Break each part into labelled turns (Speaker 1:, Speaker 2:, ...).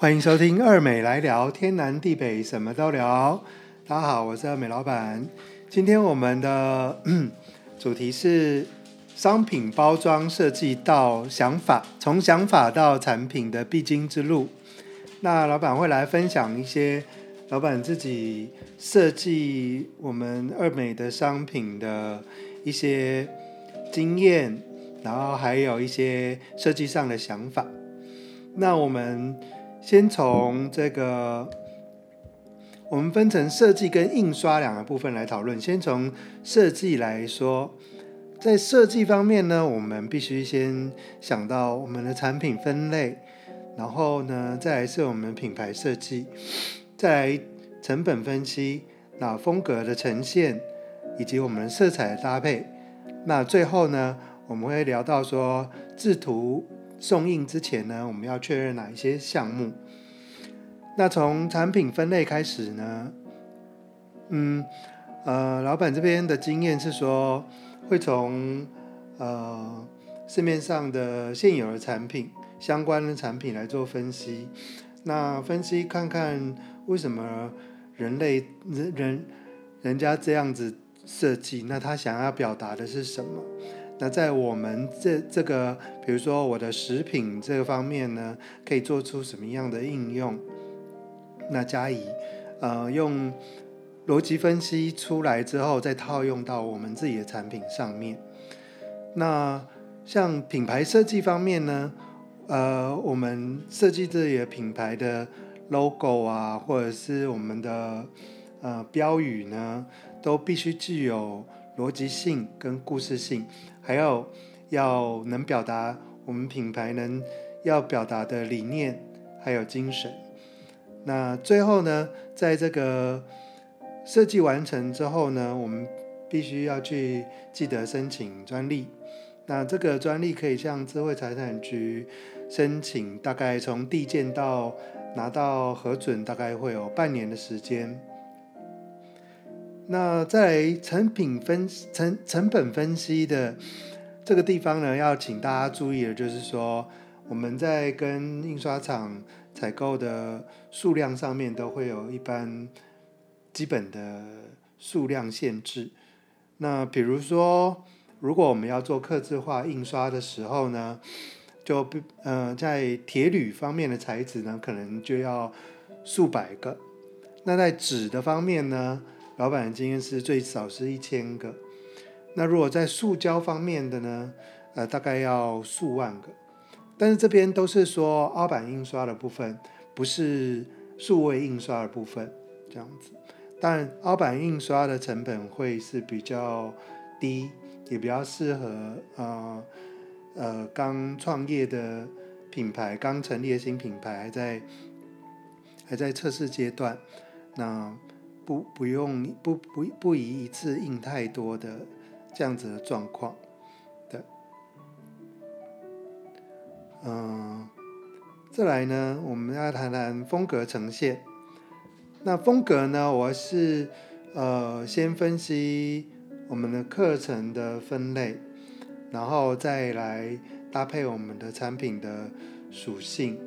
Speaker 1: 歡迎收聽貳鎂來聊，天南地北什麼都聊。大家好，我是貳鎂老闆。今天我們的主題是商品包裝設計到想法，從想法到產品的必經之路。那老闆會來分享一些老闆自己設計我們貳鎂的商品的一些經驗，然後還有一些設計上的想法。那我們。先從這個，我們分成設計跟印刷兩個部分來討論。先從設計來說，在設計方面呢，我們必須先想到我們的產品分類，然後呢，再來是我們品牌設計，再來成本分析，那風格的呈現，以及我們色彩的搭配。那最後呢，我們會聊到說製圖。送印之前呢，我們要確認哪一些項目？那從產品分類開始呢？嗯，呃，老闆這邊的經驗是說，會從呃市面上的現有的產品、相關的產品來做分析。那分析看看為什麼人類人人人家這樣子設計？那他想要表達的是什麼？那在我們這這個，比如說我的食品這個方面呢，可以做出什麼樣的應用？那加以呃用邏輯分析出來之後，再套用到我們自己的產品上面。那像品牌設計方面呢，呃，我們設計自己的品牌的 logo 啊，或者是我們的呃標語呢，都必須具有。邏輯性跟故事性，還有要能表達我們品牌能要表達的理念，還有精神。那最後呢，在這個設計完成之後呢，我們必須要去記得申請專利。那這個專利可以向智慧財產局申請，大概從遞件到拿到核准，大概會有半年的時間。那在成品分成，成本分析的這個地方呢，要請大家注意的就是說，我們在跟印刷廠採購的數量上面都會有一般基本的數量限制。那比如說，如果我們要做客製化印刷的時候呢，就嗯、呃，在鐵鋁方面的材質呢，可能就要數百個；那在紙的方面呢，老闆，今天是最少是一千個。那如果在塑膠方面的呢？呃，大概要數萬個。但是這邊都是說凹版印刷的部分，不是數位印刷的部分這樣子。但凹版印刷的成本會是比較低，也比較適合呃呃剛創業的品牌，剛成立的新品牌還在還在測試階段，那。不，不用，不不不宜一次印太多的這樣子的狀況的。嗯，再來呢，我們要談談風格呈現。那風格呢，我是呃先分析我們的客層的分類，然後再來搭配我們的產品的屬性，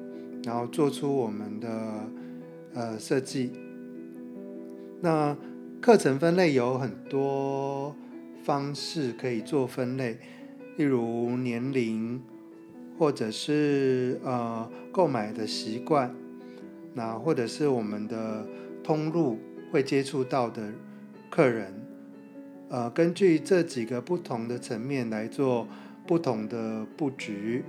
Speaker 1: 然後做出我們的呃設計。那客層分類有很多方式可以做分類，例如年齡，或者是呃購買的習慣，那或者是我們的通路會接觸到的客人，呃，根據這幾個不同的層面來做不同的布局。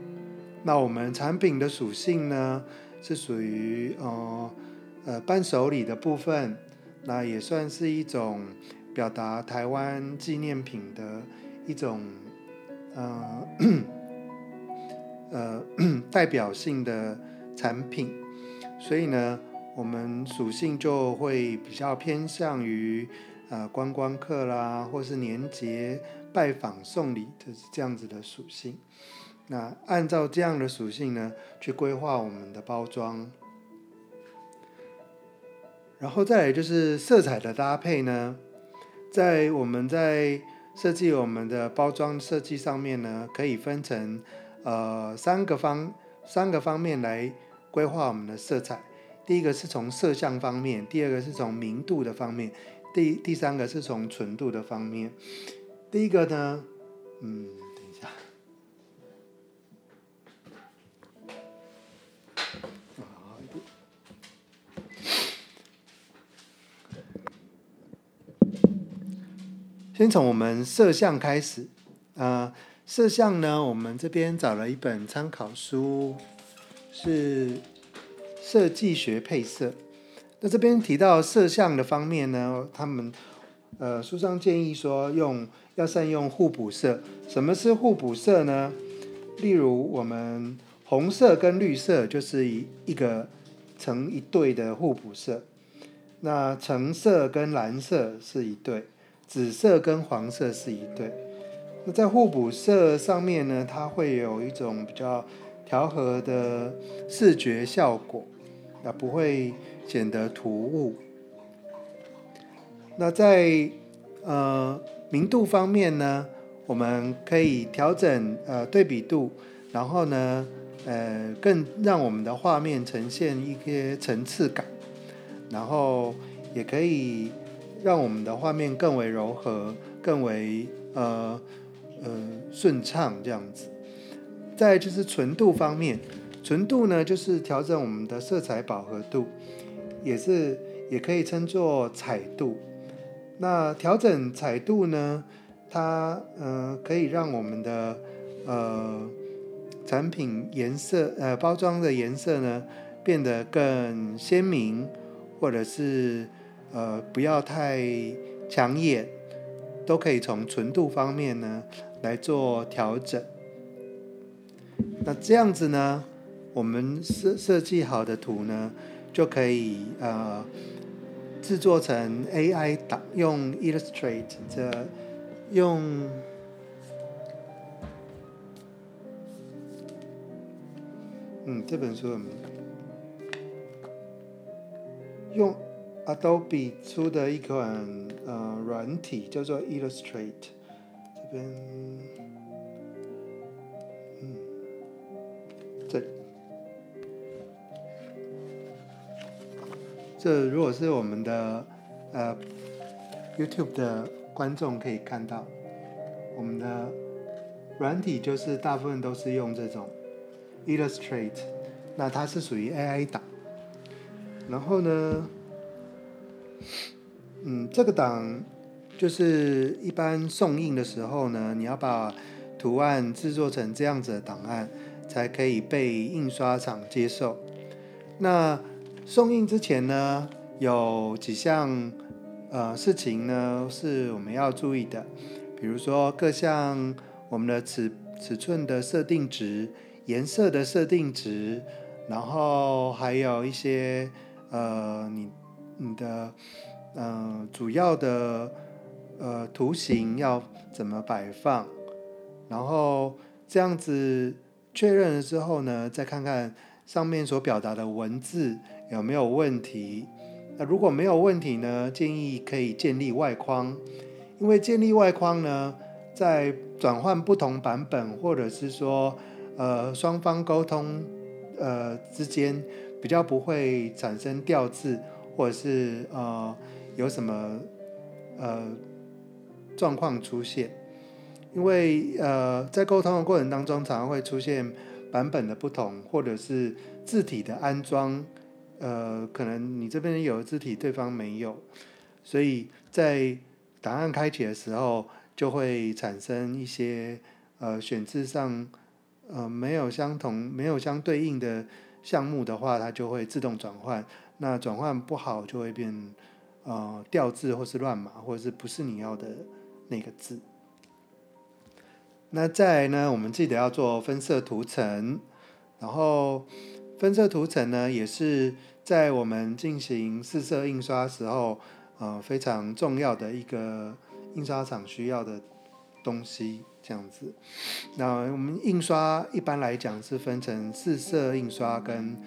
Speaker 1: 那我們產品的屬性呢，是屬於呃呃伴手禮的部分。那也算是一種表達台灣紀念品的一種，呃，呃代表性的產品。所以呢，我們屬性就會比較偏向於啊、呃、觀光客啦，或是年節拜訪送禮，就是這樣子的屬性。那按照這樣的屬性呢，去規劃我們的包裝。然後再來就是色彩的搭配呢，在我們在設計我們的包裝設計上面呢，可以分成呃三個方三個方面來規劃我們的色彩。第一個是從色相方面，第二個是從明度的方面，第第三個是從純度的方面。第一個呢，嗯。先從我們色相開始，呃，色相呢，我們這邊找了一本參考書，是設計學配色。那這邊提到色相的方面呢，他們呃書上建議說用要善用互補色。什麼是互補色呢？例如我們紅色跟綠色就是一一個成一對的互補色。那橙色跟藍色是一對。紫色跟黃色是一對，那在互補色上面呢，它會有一種比較調和的視覺效果，那不會顯得突兀。那在呃明度方面呢，我們可以調整呃對比度，然後呢呃更讓我們的畫面呈現一些層次感，然後也可以。讓我們的畫面更為柔和，更為呃呃順暢，這樣子。再就是純度方面，純度呢就是調整我們的色彩飽和度，也是也可以稱作彩度，那調整彩度呢，它呃可以讓我們的呃產品顏色呃包裝的顏色呢變得更鮮明，或者是。呃，不要太搶眼，都可以從純度方面呢來做調整。那這樣子呢，我們設設計好的圖呢，就可以呃製作成 AI 檔，用 Illustrate 的用嗯，這本書有有用。Adobe 出的一款呃軟體叫做 Illustrate。這邊嗯這這如果是我們的呃 YouTube 的觀眾可以看到，我們的軟體就是大部分都是用這種 Illustrate，那它是屬於 AI 檔，然後呢，嗯，這個檔就是一般送印的時候呢，你要把圖案製作成這樣子的檔案，才可以被印刷廠接受。那送印之前呢，有幾項呃事情呢是我們要注意的，比如說各項我們的尺尺寸的設定值、顏色的設定值，然後還有一些呃你。你的嗯、呃、主要的呃圖形要怎麼擺放？然後這樣子確認了之後呢，再看看上面所表達的文字有沒有問題。那如果沒有問題呢，建議可以建立外框，因為建立外框呢，在轉換不同版本或者是說呃雙方溝通呃之間比較不會產生掉字。或者是呃有什麼呃狀況出現？因為呃在溝通的過程當中，常常會出現版本的不同，或者是字體的安裝，呃，可能你這邊有字體，對方沒有，所以在檔案開啟的時候，就會產生一些呃選字上呃沒有相同、沒有相對應的項目的話，它就會自動轉換。那轉換不好就會變，呃，掉字或是亂碼，或者是不是你要的那個字。那再來呢，我們記得要做分色圖層，然後分色圖層呢，也是在我們進行四色印刷時候，呃，非常重要的一個印刷廠需要的東西。這樣子，那我們印刷一般來講是分成四色印刷跟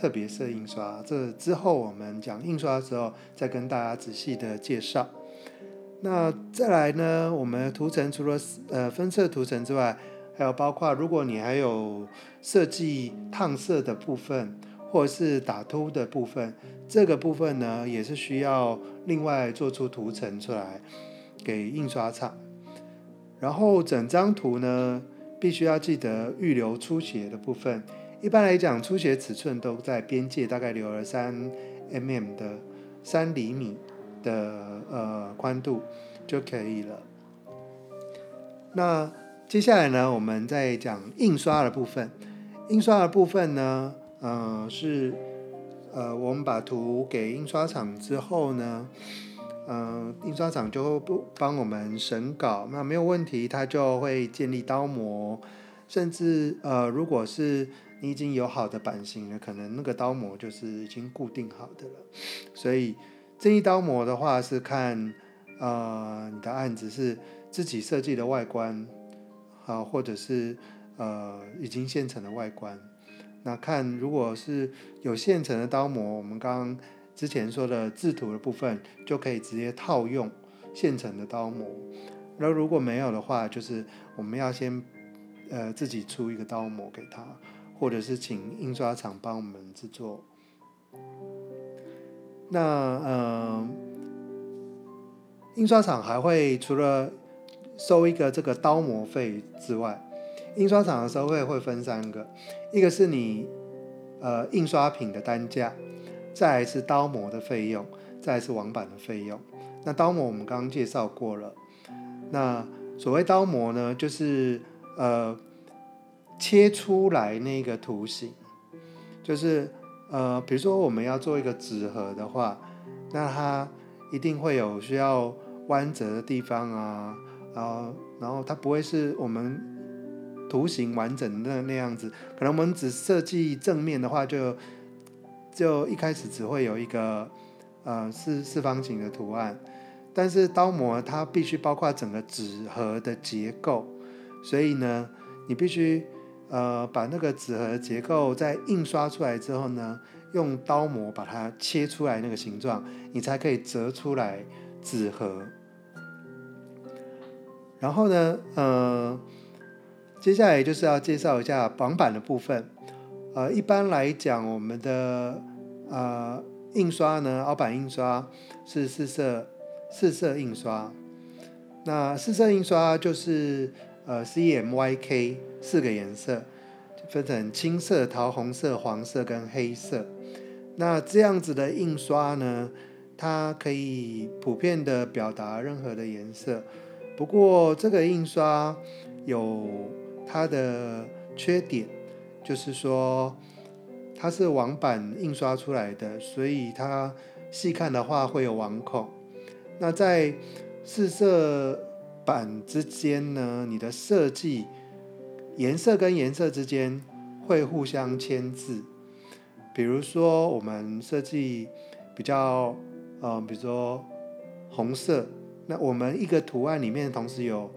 Speaker 1: 特別色印刷，這之後我們講印刷的時候，再跟大家仔細的介紹。那再來呢，我們圖層除了呃分色圖層之外，還有包括如果你還有設計燙色的部分，或者是打凸的部分，這個部分呢也是需要另外做出圖層出來給印刷廠。然後整張圖呢，必須要記得預留出血的部分。一般來講，出血尺寸都在邊界大概留了三 mm 的三厘米的呃寬度就可以了。那接下來呢，我們再講印刷的部分。印刷的部分呢，嗯、呃，是呃，我們把圖給印刷廠之後呢，嗯、呃，印刷廠就會幫我們審稿，那沒有問題，它就會建立刀模，甚至呃，如果是你已經有好的版型了，可能那個刀模就是已經固定好的了。所以這一刀模的話是看，呃，你的案子是自己設計的外觀，好、呃，或者是呃已經現成的外觀。那看如果是有現成的刀模，我們剛剛之前說的製圖的部分就可以直接套用現成的刀模。那如果沒有的話，就是我們要先呃自己出一個刀模給他。或者是請印刷廠幫我們製作，那嗯、呃，印刷廠還會除了收一個這個刀模費之外，印刷廠的收費會、會分三個，一個是你呃印刷品的單價，再來是刀模的費用，再來是網版的費用。那刀模我們剛剛介紹過了，那所謂刀模呢，就是呃。切出來那個圖形，就是呃，比如說我們要做一個紙盒的話，那它一定會有需要彎折的地方啊，然後然後它不會是我們圖形完整的那樣子。可能我們只設計正面的話就，就就一開始只會有一個呃四四方形的圖案。但是刀模它必須包括整個紙盒的結構，所以呢，你必須。呃，把那個紙盒結構在印刷出來之後呢，用刀模把它切出來那個形狀，你才可以折出來紙盒。然後呢，呃，接下來就是要介紹一下網版的部分。呃，一般來講，我們的呃印刷呢，凹版印刷是四色四色印刷。那四色印刷就是呃 C M Y K。CMYK 四個顏色分成青色、桃紅色、黃色跟黑色。那這樣子的印刷呢，它可以普遍的表達任何的顏色。不過這個印刷有它的缺點，就是說它是網版印刷出來的，所以它細看的話會有網孔。那在四色版之間呢，你的設計。顏色跟顏色之間會互相牽制，比如說我們設計比較，嗯、呃，比如說紅色，那我們一個圖案裡面同時有，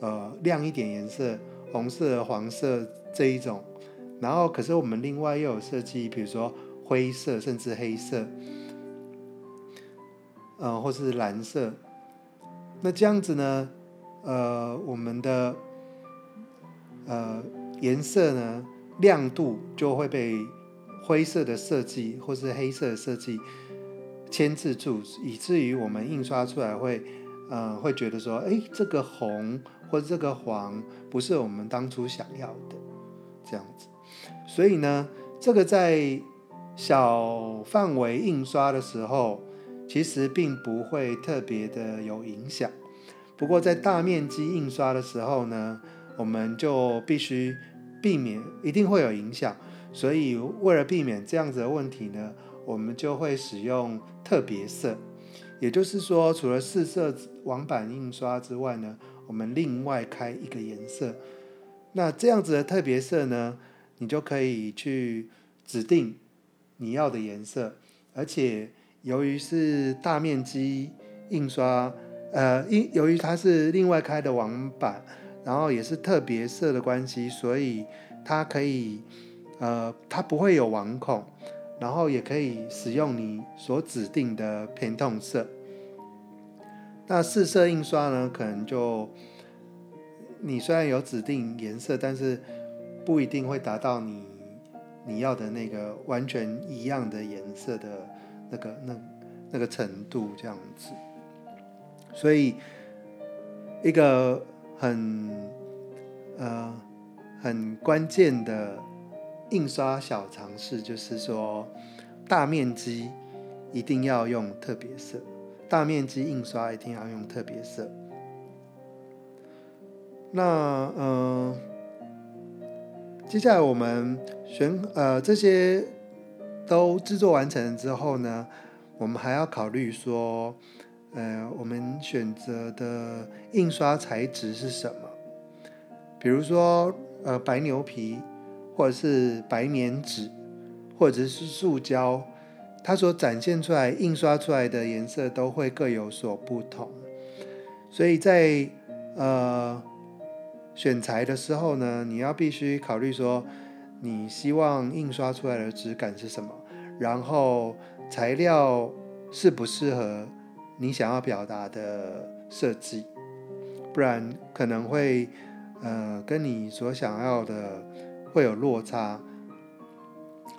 Speaker 1: 呃，亮一點顏色，紅色、黃色這一種，然後可是我們另外又有設計，比如說灰色，甚至黑色，嗯、呃，或是藍色，那這樣子呢，呃，我們的。呃，顏色呢，亮度就會被灰色的設計或是黑色的設計牽制住，以至於我們印刷出來會，呃，會覺得說，誒，這個紅或者這個黃不是我們當初想要的這樣子。所以呢，這個在小範圍印刷的時候，其實並不會特別的有影響，不過在大面積印刷的時候呢，我們就必須避免，一定會有影響。所以為了避免這樣子的問題呢，我們就會使用特別色，也就是說，除了四色網版印刷之外呢，我們另外開一個顏色。那這樣子的特別色呢，你就可以去指定你要的顏色。而且由於是大面積印刷，呃，因由於它是另外開的網版。然後也是特別色的關係，所以它可以，呃，它不會有網孔，然後也可以使用你所指定的 Pantone 色。那四色印刷呢，可能就你雖然有指定顏色，但是不一定會達到你你要的那個完全一樣的顏色的那個那那個程度這樣子。所以一個。很，呃，很關鍵的印刷小常識就是說，大面積一定要用特別色，大面積印刷一定要用特別色。那嗯、呃，接下來我們選呃這些都製作完成之後呢，我們還要考慮說。呃，我們選擇的印刷材質是什麼？比如說，呃，白牛皮，或者是白棉紙，或者是塑膠，它所展現出來、印刷出來的顏色都會各有所不同。所以在呃選材的時候呢，你要必須考慮說，你希望印刷出來的質感是什麼，然後材料適不適合。你想要表達的設計，不然可能會呃跟你所想要的會有落差。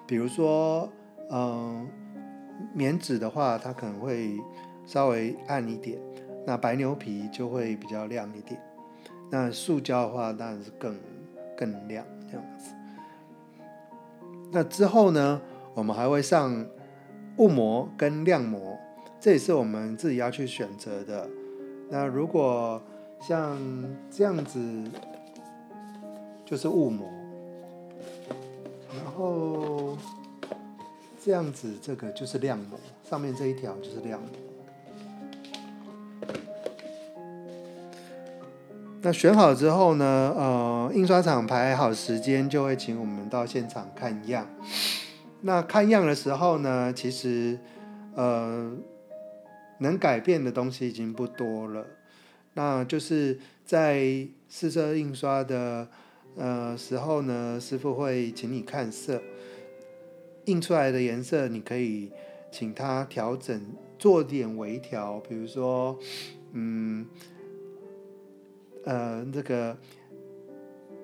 Speaker 1: 比如說，嗯、呃，棉紙的話，它可能會稍微暗一點；那白牛皮就會比較亮一點；那塑膠的話，當然是更更亮這樣子。那之後呢，我們還會上霧膜跟亮膜。這也是我們自己要去選擇的。那如果像這樣子，就是霧膜，然後這樣子，這個就是亮膜，上面這一條就是亮膜。那選好之後呢，呃，印刷廠排好時間就會請我們到現場看樣。那看樣的時候呢，其實，呃。能改變的東西已經不多了，那就是在試色印刷的呃時候呢，師傅會請你看色，印出來的顏色你可以請他調整，做點微調，比如說，嗯，呃，這個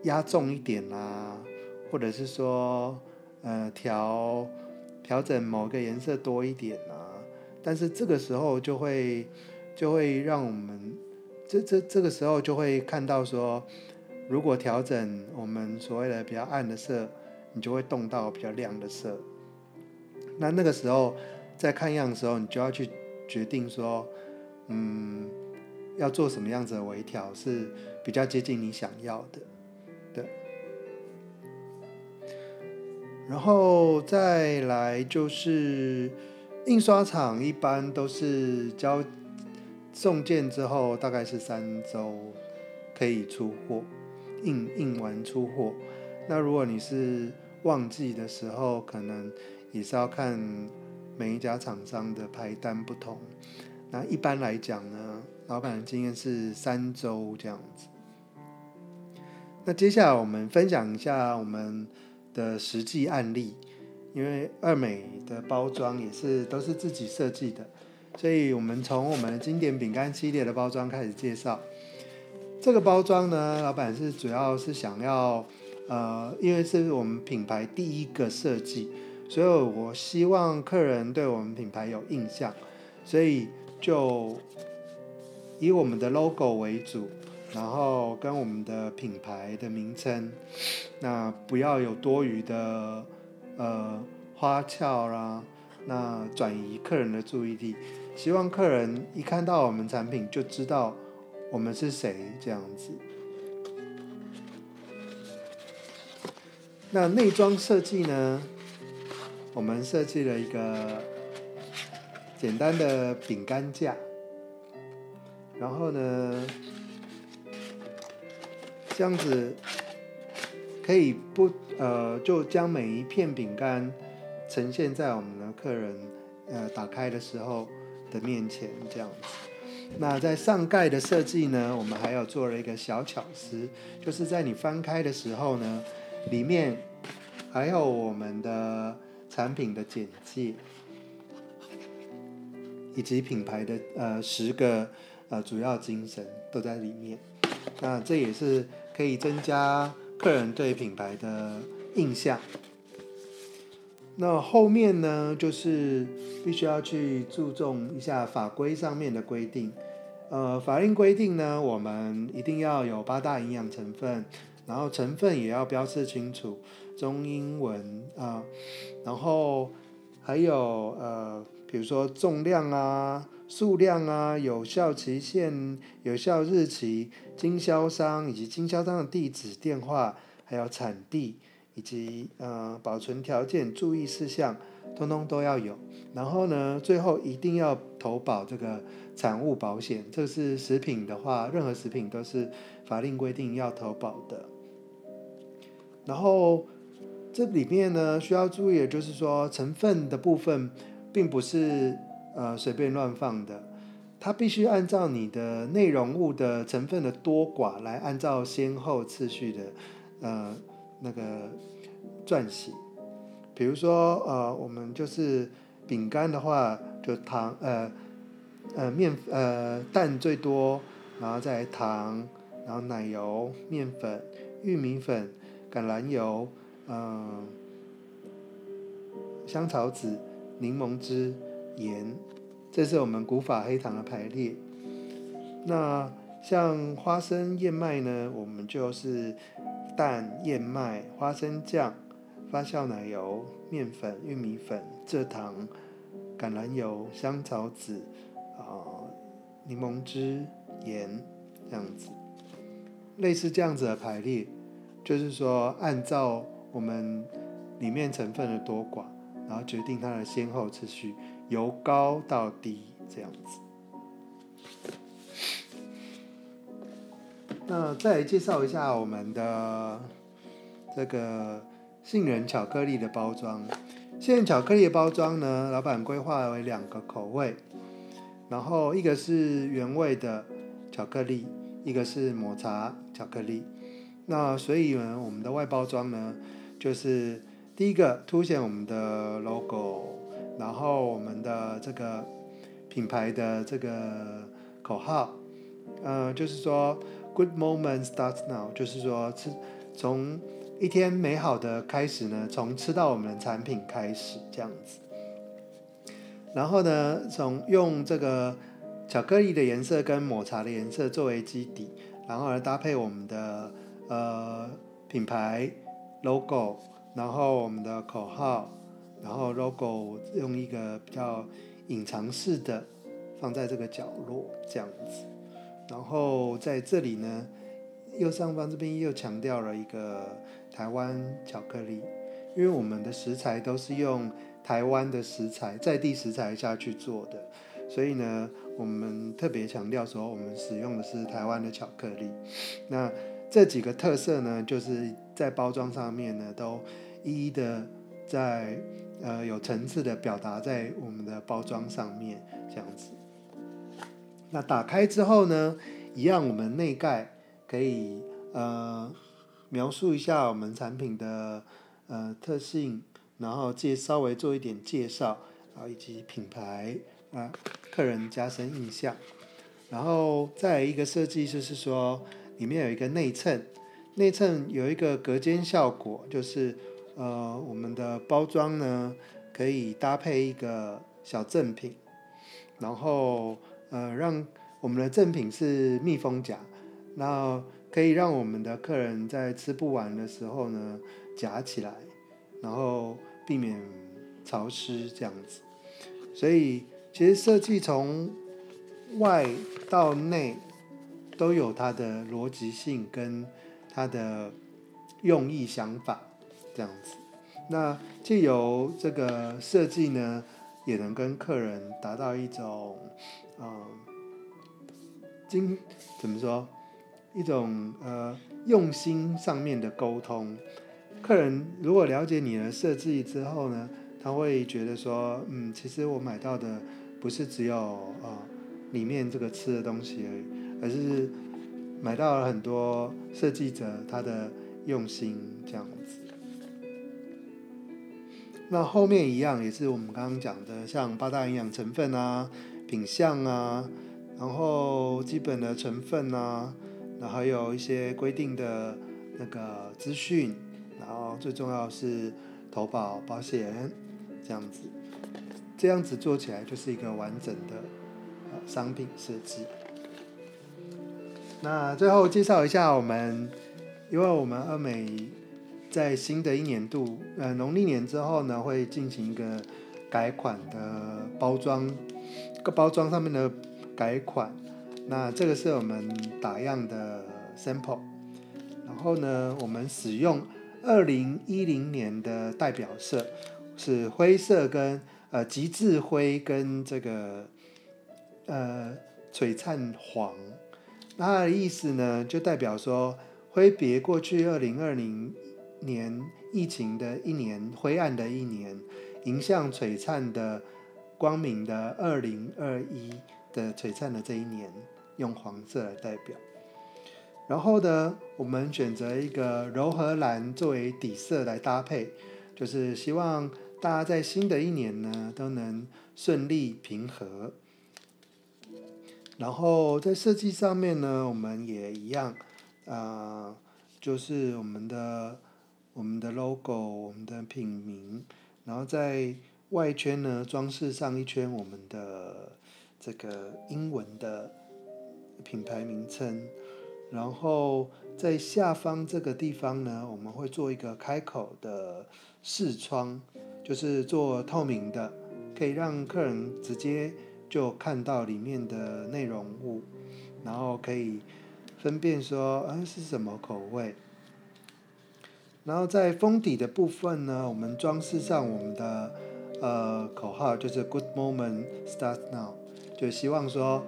Speaker 1: 壓重一點啦、啊，或者是說，呃，調調整某個顏色多一點、啊。但是這個時候就會，就會讓我們這這這個時候就會看到說，如果調整我們所謂的比較暗的色，你就會動到比較亮的色。那那個時候在看樣的時候，你就要去決定說，嗯，要做什麼樣子的微調是比較接近你想要的。對，然後再來就是。印刷廠一般都是交送件之後，大概是三週可以出貨，印印完出貨。那如果你是旺季的時候，可能也是要看每一家廠商的排單不同。那一般來講呢，老闆的經驗是三週這樣子。那接下來我們分享一下我們的實際案例。因為二美的包裝也是都是自己設計的，所以我們從我們的經典餅乾系列的包裝開始介紹。這個包裝呢，老板是主要是想要，呃，因為是我們品牌第一個設計，所以我希望客人對我們品牌有印象，所以就以我們的 logo 為主，然後跟我們的品牌的名稱，那不要有多餘的。呃，花俏啦，那轉移客人的注意力，希望客人一看到我們產品就知道我們是誰，這樣子。那內裝設計呢？我們設計了一個簡單的餅乾架，然後呢，這樣子。可以不呃，就將每一片餅乾呈現在我們的客人呃打開的時候的面前這樣子。那在上蓋的設計呢，我們還有做了一個小巧思，就是在你翻開的時候呢，裡面還有我們的產品的簡介，以及品牌的呃十個呃主要精神都在裡面。那這也是可以增加。客人對品牌的印象，那後面呢，就是必須要去注重一下法規上面的規定。呃，法令規定呢，我們一定要有八大營養成分，然後成分也要標示清楚，中英文啊，呃，然後還有呃，比如說重量啊。數量啊，有效期限、有效日期、經銷商以及經銷商的地址、電話，還有產地以及呃保存條件、注意事項，通通都要有。然後呢，最後一定要投保這個產物保險。這是食品的話，任何食品都是法令規定要投保的。然後這裡面呢，需要注意的就是說成分的部分並不是。呃，隨便亂放的，它必須按照你的內容物的成分的多寡，來按照先後次序的，呃，那個撰寫。比如說，呃，我們就是餅乾的話，就糖，呃，呃，麵，呃，蛋最多，然後再來糖，然後奶油、麵粉、玉米粉、橄欖油，嗯、呃，香草籽、檸檬汁。鹽，這是我們古法黑糖的排列。那像花生燕麥呢？我們就是蛋、燕麥、花生醬、發酵奶油、麵粉、玉米粉、蔗糖、橄欖油、香草籽啊、檸檬汁、鹽這樣子，類似這樣子的排列，就是說按照我們裡面成分的多寡，然後決定它的先後次序。由高到低這樣子。那再來介紹一下我們的這個杏仁巧克力的包裝。杏仁巧克力的包裝呢，老闆規劃為兩個口味，然後一個是原味的巧克力，一個是抹茶巧克力。那所以呢，我們的外包裝呢，就是第一個凸顯我們的 logo。然後我們的這個品牌的這個口號，呃，就是說 “Good moment starts now”，就是說吃從一天美好的開始呢，從吃到我們的產品開始這樣子。然後呢，從用這個巧克力的顏色跟抹茶的顏色作為基底，然後來搭配我們的呃品牌 logo，然後我們的口號。然後 logo 用一個比較隱藏式的放在這個角落這樣子，然後在這裡呢，右上方這邊又強調了一個台灣巧克力，因為我們的食材都是用台灣的食材、在地食材下去做的，所以呢我們特別強調說我們使用的是台灣的巧克力。那這幾個特色呢，就是在包裝上面呢都一一的。在呃有層次的表達，在我們的包裝上面，這樣子。那打開之後呢，一樣我們內蓋可以呃描述一下我們產品的呃特性，然後介稍微做一點介紹，然後以及品牌啊、呃，客人加深印象。然後再來一個設計就是說，裡面有一個內襯，內襯有一個隔間效果，就是。呃，我們的包裝呢，可以搭配一個小贈品，然後呃，讓我們的贈品是密封夾，那可以讓我們的客人在吃不完的時候呢，夾起來，然後避免潮濕這樣子。所以其實設計從外到內都有它的邏輯性跟它的用意想法。這樣子，那借由這個設計呢，也能跟客人達到一種，嗯、呃，經怎麼說，一種呃用心上面的溝通。客人如果了解你的設計之後呢，他會覺得說，嗯，其實我買到的不是只有呃裡面這個吃的東西而已，而是買到了很多設計者他的用心，這樣子。那後面一樣也是我們剛剛講的，像八大營養成分啊、品相啊，然後基本的成分啊，然後還有一些規定的那個資訊，然後最重要是投保保險，這樣子，這樣子做起來就是一個完整的商品設計。那最後介紹一下我們，因為我們貳鎂。在新的一年度，呃，農曆年之後呢，會進行一個改款的包裝，個包裝上面的改款。那這個是我們打樣的 sample。然後呢，我們使用二零一零年的代表色是灰色跟呃極致灰跟這個呃璀璨黃。那它的意思呢，就代表說揮別過去二零二零。年疫情的一年，灰暗的一年，迎向璀璨的、光明的二零二一的璀璨的這一年，用黃色來代表。然後呢，我們選擇一個柔和藍作為底色來搭配，就是希望大家在新的一年呢，都能順利平和。然後在設計上面呢，我們也一樣，啊、呃，就是我們的。我們的 logo，我們的品名，然後在外圈，呢裝飾上一圈我們的這個英文的品牌名稱，然後在下方這個地方呢，我們會做一個開口的視窗，就是做透明的，可以讓客人直接就看到裡面的內容物，然後可以分辨說，嗯、啊、是什麼口味。然後在封底的部分呢，我們裝飾上我們的呃口號就是 “Good moment starts now”，就希望說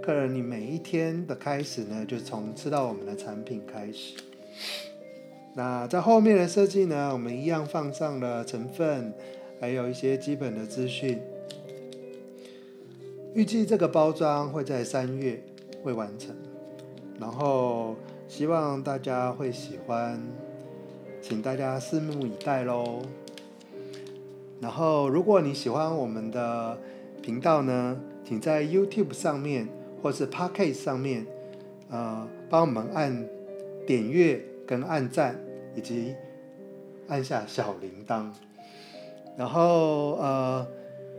Speaker 1: 客人你每一天的開始呢，就從吃到我們的產品開始。那在後面的設計呢，我們一樣放上了成分，還有一些基本的資訊。預計這個包裝會在三月會完成，然後希望大家會喜歡。請大家拭目以待嘍。然後，如果你喜歡我們的頻道呢，請在 YouTube 上面或是 Podcast 上面，呃，幫我們按點閱、跟按讚，以及按下小鈴鐺。然後，呃，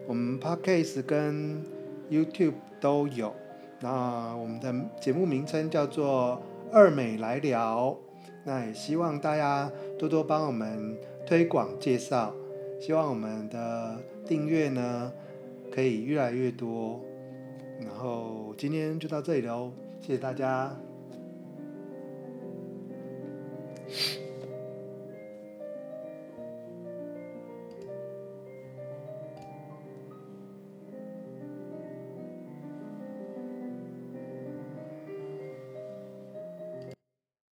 Speaker 1: 我們 Podcast 跟 YouTube 都有。那我們的節目名稱叫做“貳鎂來聊”。那也希望大家。多多幫我們推廣介紹，希望我們的訂閱呢可以越來越多。然後今天就到這裡嘍，謝謝大家。